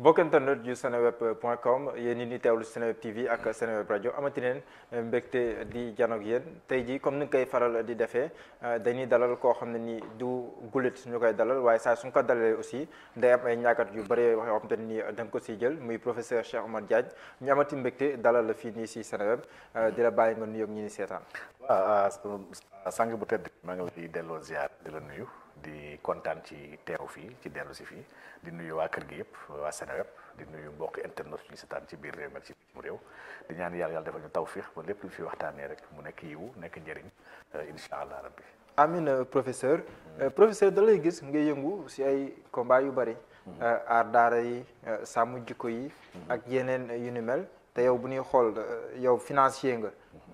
mbokk internet yu seneweb point com yéen ñi ni teewlu seneweb tv ak seneweb rajo amati neen euh, mbégte di janoog yéen tey jii comme ni nga koy faral di defee euh, dañuy dalal koo xam ne nii du gulit suñu koy dalal waaye saa su ko dalalee aussi day am ay ñaakat yu bëri yoo xam te nii euh, da nga ko si jël muy professeur Cheikh Omar Diagne ñu amati mbégte dalal la fii nii si seneweb di bàyyi nga nuyoog ñi ni seetaan. waaw ah, ah, sànq bu tedd maa ngi lay delloo ziar di la nuyu. di kontaan ci teew fii ci dellu si fii di nuyu waa kër gi yëpp waa Seneweb di nuyu mbokk internet ñu setaan ci biir réew mi ci mu réew di ñaan yàlla yàlla defal ñu tawfiix ba lépp lu fi waxtaanee rek mu nekk yiwu nekk njariñ euh, incha allah rabbi amin euh, professeur mm. euh, professeur da gis nga yëngu si ay combat yu bari mm. aar daara yi sàmm jikko yi mm. ak yeneen yu ni mel te yow bu ñuy xool euh, yow financier nga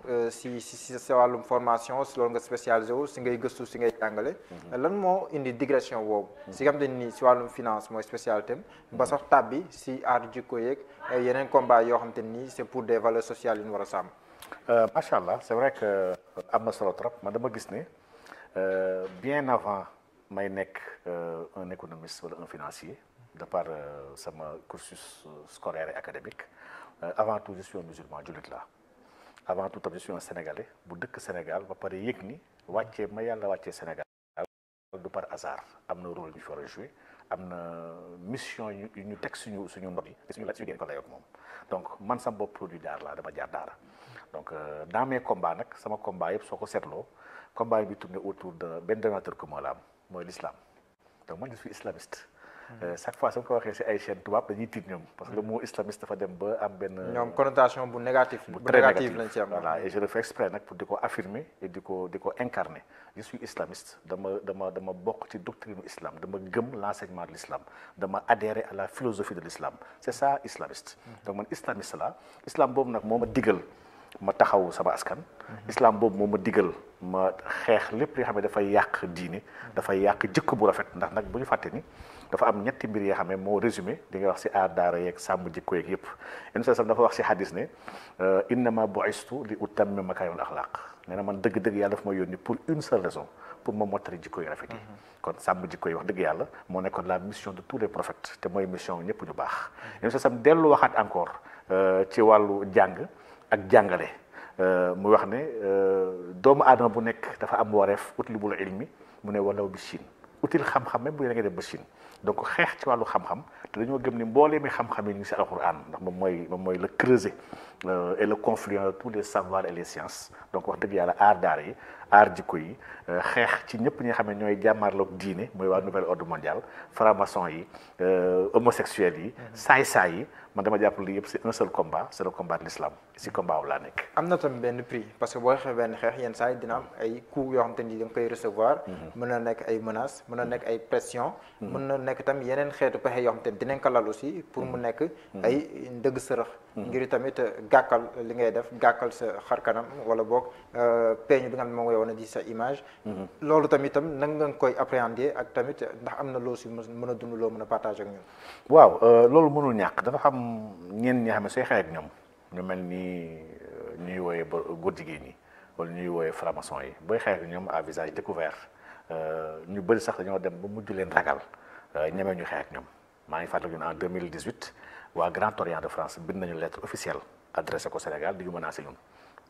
euh, si si si sa wàllum formation si loolu nga spécialisé wu si ngay gëstu si ngay jàngale. Mhm. lan moo indi digression boobu. Mhm. si nga nii si wàllum finance mooy spécialité am ba mhm. sax tàbbi si aar jikko yeeg yeneen combat yoo xamante ni c'est pour des valeurs sociales yu ñu war a sàmm. Euh, macha allah c'est vrai que am na solo trop man dama gis ne bien avant may nekk un économiste wala un financier de par sama cursus scolaire et académique. Euh, avant tout je suis un musulman jullit laa avant tout tamit je suis bu dëkk Sénégal ba pare yëg ni wàccee ma yàlla wàccee Sénégal du par hasard am na rôle ñu fi war am na mission yu ñu teg suñu suñu ndox yi suñu la si génn ko layoog moom donc man sama bopp produit daar laa dama jaar daara donc euh, dans mes combats nag sama combat yëpp soo ko seetloo combat bi tourné autour de benn donateur commun la am mooy l'islam donc man je suis Hmm. Euh, chaque fois su ko waxee si ay chaîne tubaab dañuy tiit ñoom parce que le mot islamiste dafa dem ba am benn. ñoom connotation bu négative. bu très négative et je le fais exprès nag pour di ko affirmer et di ko di ko incarner je suis islamiste dama dama dama bokk ci doctrine islam dama gëm l'enseignement de l'islam dama adhérer à la philosophie de l'islam c'est ça islamiste. Hmm. donc man islamiste la islam boobu nag moo ma digal. ma taxawu sama askan. islam boobu moom ma digal ma xeex lépp li xam ne dafay yàq diine. dafay yàq jëkk bu rafet ndax nag bu ñu fàtte ni dafa am ñetti mbir yoo xam ne moo résumé di nga wax si aar daara yeeg sàmm jikko yeeg yëpp. incha dafa wax si hadis ne euh, innama bu'istu li utammima makaarim al axlaaq nee na man dëgg-dëgg yàlla dafa ma yónni pour une seule raison pour ma mottali jikko yu rafet yi. Mm-hmm. kon sàmm jikko yi wax dëgg yàlla moo nekkoon la mission de tous les prophètes te mooy mission ñëpp ñu baax. Mm-hmm. incha allah dellu waxaat encore euh, ci wàllu jàng. ak jàngale euh, mu wax ne euh, doomu aadama bu nekk dafa am wareef utlubul ilmi mu ne walaw bi Chine util xam-xam même bu dee da ngay dem ba Chine donc xeex ci wàllu xam-xam te dañoo gëm ni mboolee mi xam-xam yi ñu si alxuraan ndax moom mooy moom mooy le creuset Euh, et le confluent euh, tous les savoirs et les sciences donc wax dëgg yàlla aar daara yi aar jikko yi euh, xeex ci ñëpp ñi nga xam ne ñooy jàmmarloog diine mooy waa nouvel ordre mondial franc-maçon yi homosexuels yi mhm. saay-saay yi man dama jàpp li yëpp c'est un seul combat c'est le combat de l'islam si combat am na tamit benn prix parce que boo xeex benn xeex yenn saa yi dina am ay coups yoo xam te ni da nga koy recevoir mhm. mën na nekk ay menaces mën na mhm. nekk ay pression mën na nekk tam yeneen xeetu pexe yoo te ni dinañ ko lal aussi pour mu nekk ay ndëgg sërëx gàkkal li ngay def gàkkal sa xar kanam wala boog euh, peeñ bi nga xam ne moom ngay wane sa image. Mhm. loolu tamit tam nan koy appréhender ak tamit ndax am na loo si mën a dund mën a partager ak ñun. waaw euh, loolu mënul ñàkk dafa xam ñenn ñi xam ne say xarit ñoom ñu mel ni euh, ñuy wooyee ba góor jigéen ñi wala ñuy wooyee franc-maçon yi booy xarit ñoom à visage découvert ñu bëri sax dañoo dem ba mujj leen ragal ñeme ñu xeex ak ñoom maa ngi fàttaliku ñun en 2018 waa Grand Orient de France bind nañu lettre officielle. adressé ko Sénégal di ñu menacé ñun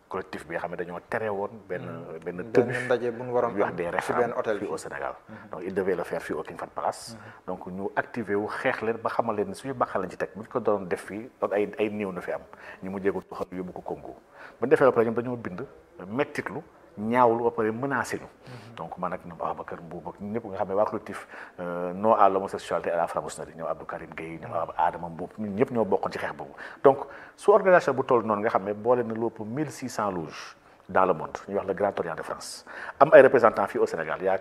collectif bi nga xam dañoo tere woon. benn hmm. benn tënk benn ndaje bu ñu waroon wax des référendums fii au Sénégal. Hmm. donc il devait le faire au King Fahd Palace. Hmm. donc ñu activé wu xeex leen ba xamal leen ni suñu bàqa lañ ci teg bu ñu ko doon def fii doon ay ay néew na fi am ñu mujjee ko yóbbu ko Congo bu ñu defee ba pare ñoom dañoo bind mettitlu ñaawlu ba pare menacé ñu. donc man ak Ababacar Mbuub ak ñëpp nga xam ne waa collectif euh, non à l'homosexualité à la franc-maçonnerie ñoom Abdou Karim Gueye ñoom Adama Mbuub ñun ñëpp ñoo bokkoon ci xeex boobu. donc su organisation bu toll noonu nga xam ne boole na lu ëpp 1600 loges dans le monde ñu wax le Grand Orient de France am ay représentants fi au Sénégal yaa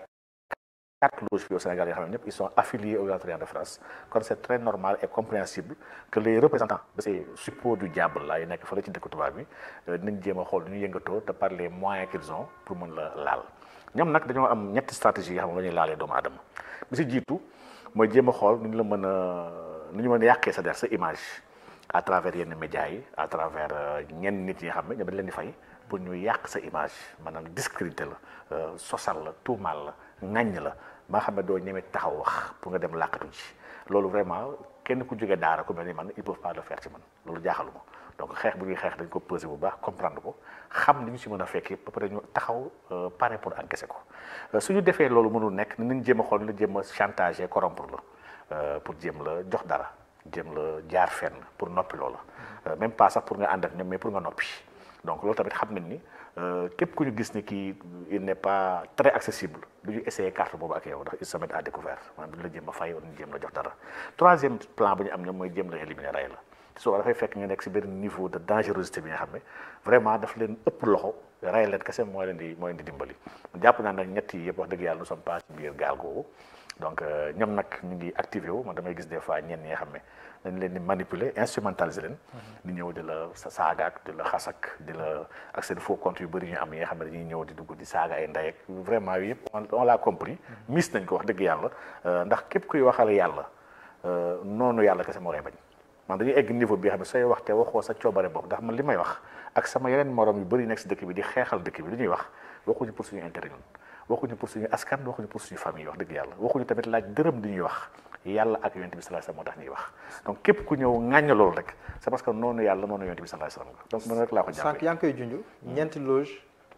quatre loges fii au Sénégal yoo xam ne ñëpp ils sont affiliés aux Algériens de France kon c' est très normal et compréhensible que les représentants de ces suppôts du diable la yi nekk fële ci dëkk tubaab bi euh, nañ jéem a xool ñu yëngatoo te par les moyens qu' ils ont pour mën la laal ñoom nag dañoo am ñetti stratégie yi xam ne la ñuy laalee doomu aadama bi si jiitu mooy jéem a xool nu ñu la mën a nu ñu mën a yàqee sa der sa image à travers yenn média yi à travers euh, ñenn nit yi nga xam ne ñoom dañ leen di fay pour ñu yàq sa image maanaam discrédité la euh, sosal la tuumaal la ŋàññ la ba xam ne doo ñeme taxaw wax pour nga dem làqatu ci loolu vraiment kenn ku jógee daara ku mel ni man ils peuvent pas le man loolu jaaxaluma donc xeex bu ñuy xeex dañ ko peser bu baax comprendre ko xam li ñu si mën a fekkee ba pare ñu taxaw euh, pare pour encaisser ko euh, su ñu defee loolu mënul nekk nañ jéem a xool la jéem a chantage corrompre la pour jéem la jox dara jéem la jaar fenn pour noppi loola même pas sax pour nga ànd ak ñoom mais pour nga noppi. donc loolu tamit xam nañ ni euh, képp ku ñu gis ni kii il n'est pas très accessible du ñu essayer carte boobu ak yow ndax il se à découvert maanaam a fay wala ñu jéem la jox dara troisième bu ñu am ñoom mooy jëm la éliminer rey la soo dafay fekk ñu nekk si benn niveau de dangerosité bi nga xam ne vraiment daf leen ëpp loxo rey leen kese moo leen di mooy leen di dimbali jàpp naa ne ñett yi yëpp wax dëgg yàlla nous sommes pas biir gaal googu donc euh, ñoom nag ñu ngi activé wu man damay gis des fois ñenn ñi nga xam ne dañ leen di manipuler instrumentaliser leen. di ñëw di la saagaak di la xasak di la ak seen faux compte yu bëri ñu am yi nga xam ne dañuy ñëw di dugg di saaga ay ndey ak vraiment yëpp on l'a compris. mis nañ ko wax dëgg yàlla euh, ndax kuy waxal yàlla euh, noonu yàlla kese moo lay bañ. man dañuy egg niveau bi xam ne sooy wax te waxoo sa coobare bopp ndax man li may wax ak sama yeneen morom yu bëri nekk si dëkk bi di xeexal dëkk bi lu ñuy wax waxuñu pour suñu intérêt ñun waxuñu pour suñu askan waxuñu pour suñu famille wax dëgg yàlla waxuñu tamit laaj dërëm di ñuy wax yàlla ak yonent bi sallallahu alayhi wasallam moo tax ñuy wax donc képp ku ñëw ŋàñña loolu rek c'est parce que noonu yàlla noonu yonent bi sallallahu alayhi wasallam donc man rek laa ko jàppee hmm. ñeenti loge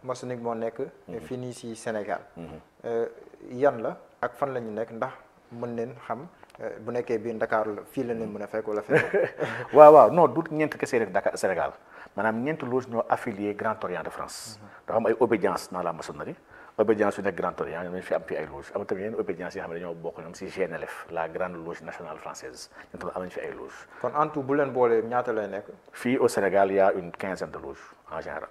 maçonnique moo nekk hmm. fii nii si Sénégal hmm. euh, yan la ak fan la ñu nekk ndax mën neen xam euh, bu nekkee bii Dakar la fii la leen mën a fekk wala fekk waaw waaw non du ñeent kese rek Dakar Sénégal maanaam ñeent loge ñoo affilié Grand Orient de France dafa am ay obédience dans la obédience su nekk Grand Orient ñoom fi am fi ay loge am tamit yeneen obédience yi xam ne dañoo bokk ñoom si la grande loge nationale française ñoom tamit am fi ay loge kon en tout bu leen boolee ñaata lay nekk. fii au Sénégal y a une quinzaine de loges en général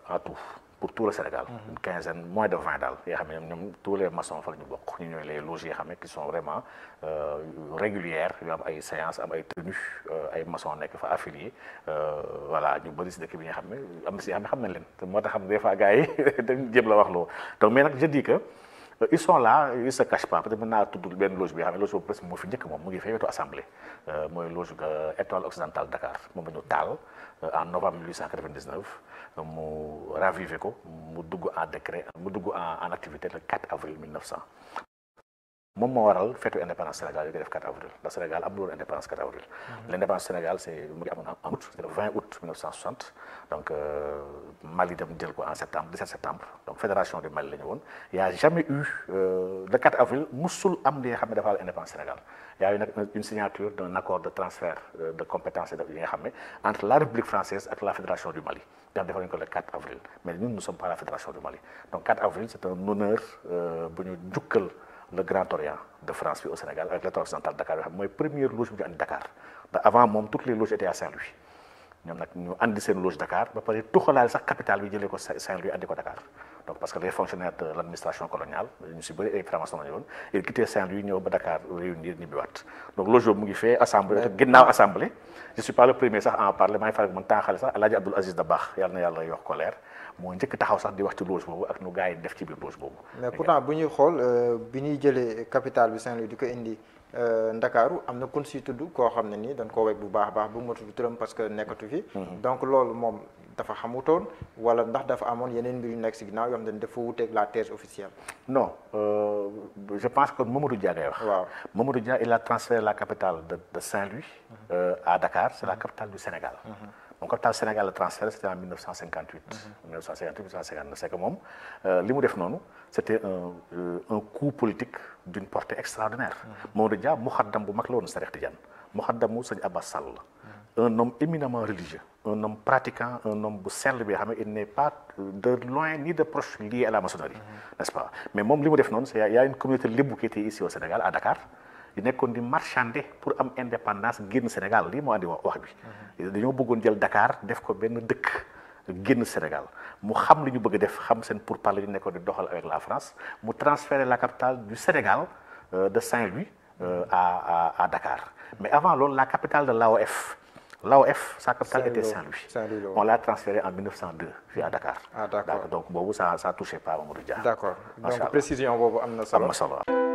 pour tout le Sénégal. Mhm. une quinzaine moins de vingt daal yoo xam ne ñoom tous les maçons fa la ñu bokk ñu ñooy les loges yi xam qui sont vraiment euh, régulières yu am ay séances am ay tenues euh, ay maçons nekk fa affiliés euh, voilà ñu bëri si dëkk bi nga xam ne am si yoo xam ne nañ leen te moo tax xam des fois yi dañ jéem la wax loo donc mais nag je dis Euh, ils sont là ils se cachent pas peut-être mën naa benn loge bi nga xam ne loge boobu presque moo fi njëkk moom mu ngi fay wetu assemblée euh, mooy loge étoile occidentale Dakar moom la ñu taal euh, en novembre mu ravivé ko mu dugg en décret mu dugg en en activité le 4 avril moom moo waral feetu indépendance Sénégal yi koy def 4 avril ndax Sénégal amul woon indépendance 4 avril. Mm-hmm. l' indépendance Sénégal c' est mu ngi amoon en août c' est le 20 août 1960 donc euh, Mali dem jël ko en septembre 17 septembre donc fédération du Mali la ñu woon y' a jamais eu euh, le 4 avril musul am li nga xam ne dafa am indépendance Sénégal y' a eu nag une signature d' un accord de transfert euh, de compétences yi nga xam ne entre la République française ak la fédération du Mali nga xam defoon nañu ko le 4 avril mais ñun nous sommes pas la fédération du Mali donc 4 avril c' est un honneur bu ñu jukkal. le Grand Orient de France fii au Sénégal avec l'État occidental Dakar yoo xam mooy première loge bu ñu andi Dakar ndax avant moom toutes les loges étaient à Saint-Louis ñoom nag ñu andi seen loge Dakar ba pare tuxalaale sax capital bi jëlee ko Saint-Louis andi ko donc parce que les fonctionnaires de l' administration ñu si bëri ay franc-maçon la ñu woon Saint-Louis ñëw ba Dakar réunir ñibbiwaat donc loge boobu mu ngi fee assemblée ginnaaw assemblée je suis pas le premier sax à en parler maa sax El Hadj Abdoul Aziz Dabakh yàlla na yàlla yokk ko leer moo njëkk taxaw sax di wax ci loge boobu ak Euh, Ndakaaru am na kun si tudd koo xam ne nii dan koo weg bu baax baax bu ma tudd turam parce que nekkatu fi mhm. donc loolu moom dafa xamutoon wala ndax dafa amoon yeneen mbir yu nekk si ginnaaw yoo xam ne dafa wuuteeg la thèse officielle non euh, je pense que Mamadou Dia ngay wax waaw Mamadou Dia il a transféré la capitale de de Saint-Louis mhm. euh, à Dakar c'est la mhm. capitale du Sénégal mon capital Sénégal la transféré c' était en 1958. 1958 1959 c' est que moom euh, li mu def noonu c' était un euh, un coup politique d' une portée extraordinaire. Mhm. Maodo Dia muxaddam bu mag la woon Serigne Tidiane muxaddamu sëñ Abbas Sall la. Mhm. un homme éminemment religieux. un homme pratiquant un homme bu sell bi xam ne il n' est pas de loin ni de proche lié à la maçonnerie. Mhm. n' est ce pas mais moom li mu def noonu c' est y' a une communauté lébu qui était ici au Sénégal à Dakar. di nekkoon di marchander pour am indépendance génn Sénégal lii moo andi wax bi dañoo bëggoon jël dakaar def ko benn dëkk génn Sénégal mu xam li ñu bëgg def xam seen pour pourparlers yi nekkoon di doxal avec la France mu transférer la capitale du Sénégal euh, de Saint-Louis euh, à à Dakar mais avant loolu la capitale de l'AOF L'AOF, sa capitale était Saint-Louis. Saint on l'a transféré en 1902, puis à Dakar. Ah, d'accord. Donc, bon, ça, ça touchait pas à Mamoudou D'accord. Donc, précision, vous, amna solo. Amna